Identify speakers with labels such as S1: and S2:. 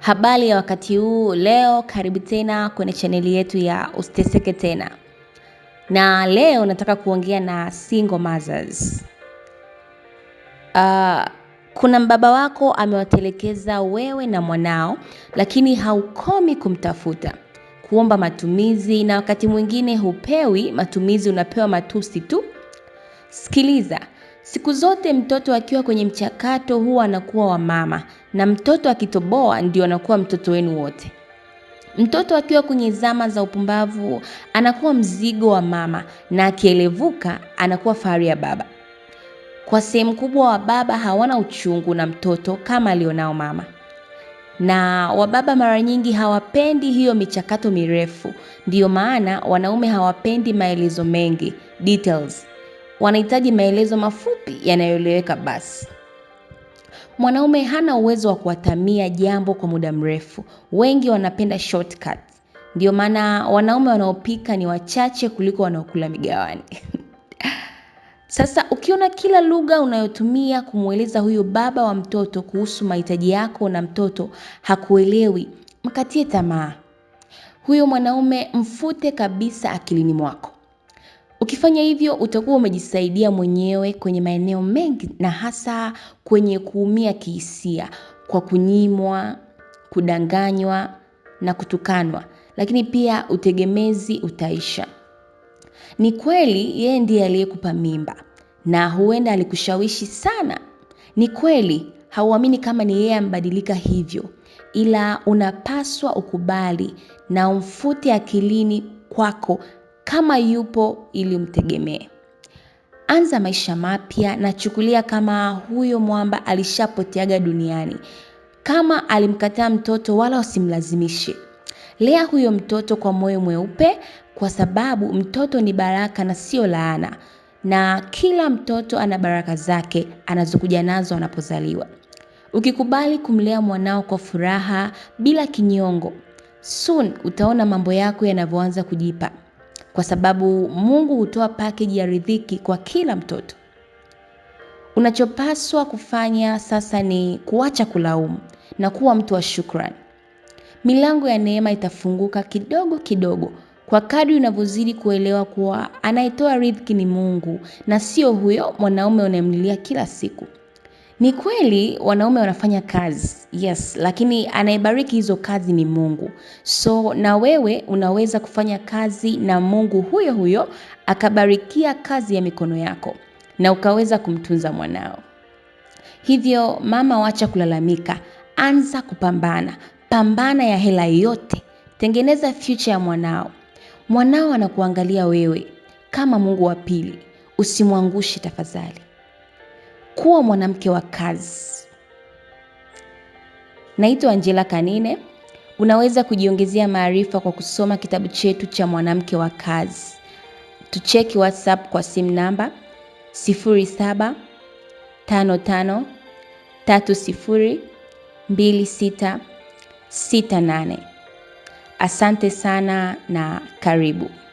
S1: Habari ya wakati huu leo, karibu tena kwenye chaneli yetu ya Usiteseke Tena, na leo nataka kuongea na single mothers. Uh, kuna mbaba wako amewatelekeza wewe na mwanao, lakini haukomi kumtafuta, kuomba matumizi, na wakati mwingine hupewi matumizi, unapewa matusi tu. Sikiliza, Siku zote mtoto akiwa kwenye mchakato huwa anakuwa wa mama na mtoto akitoboa ndio anakuwa mtoto wenu wote. Mtoto akiwa kwenye zama za upumbavu anakuwa mzigo wa mama na akielevuka anakuwa fahari ya baba. Kwa sehemu kubwa wa baba hawana uchungu na mtoto kama alionao mama. Na wababa mara nyingi hawapendi hiyo michakato mirefu. Ndiyo maana wanaume hawapendi maelezo mengi, details wanahitaji maelezo mafupi yanayoeleweka basi. Mwanaume hana uwezo wa kuwatamia jambo kwa muda mrefu. Wengi wanapenda shortcut. Ndio maana wanaume wanaopika ni wachache kuliko wanaokula migawani. Sasa ukiona kila lugha unayotumia kumweleza huyo baba wa mtoto kuhusu mahitaji yako na mtoto hakuelewi, mkatie tamaa. Huyo mwanaume mfute kabisa akilini mwako. Ukifanya hivyo utakuwa umejisaidia mwenyewe kwenye maeneo mengi na hasa kwenye kuumia kihisia kwa kunyimwa, kudanganywa na kutukanwa, lakini pia utegemezi utaisha. Ni kweli yeye ndiye aliyekupa mimba na huenda alikushawishi sana. Ni kweli hauamini kama ni yeye ambadilika hivyo, ila unapaswa ukubali na umfute akilini kwako kama yupo ili umtegemee. Anza maisha mapya na chukulia kama huyo mwamba alishapoteaga duniani. Kama alimkataa mtoto, wala usimlazimishe. Lea huyo mtoto kwa moyo mweupe, kwa sababu mtoto ni baraka na sio laana, na kila mtoto ana baraka zake anazokuja nazo anapozaliwa. Ukikubali kumlea mwanao kwa furaha bila kinyongo, soon utaona mambo yako yanavyoanza kujipa kwa sababu Mungu hutoa pakeji ya riziki kwa kila mtoto. Unachopaswa kufanya sasa ni kuacha kulaumu na kuwa mtu wa shukrani. Milango ya neema itafunguka kidogo kidogo kwa kadri unavyozidi kuelewa kuwa anayetoa riziki ni Mungu na sio huyo mwanaume unayemlilia kila siku. Ni kweli wanaume wanafanya kazi, yes, lakini anayebariki hizo kazi ni Mungu. So na wewe unaweza kufanya kazi na Mungu huyo huyo akabarikia kazi ya mikono yako na ukaweza kumtunza mwanao. Hivyo mama, wacha kulalamika, anza kupambana. Pambana ya hela yote, tengeneza future ya mwanao. Mwanao anakuangalia wewe kama Mungu wa pili, usimwangushe tafadhali kuwa mwanamke wa kazi. Naitwa Angela Kanine. Unaweza kujiongezea maarifa kwa kusoma kitabu chetu cha mwanamke wa kazi. Tucheki WhatsApp kwa simu namba 0755302668. Asante sana na karibu.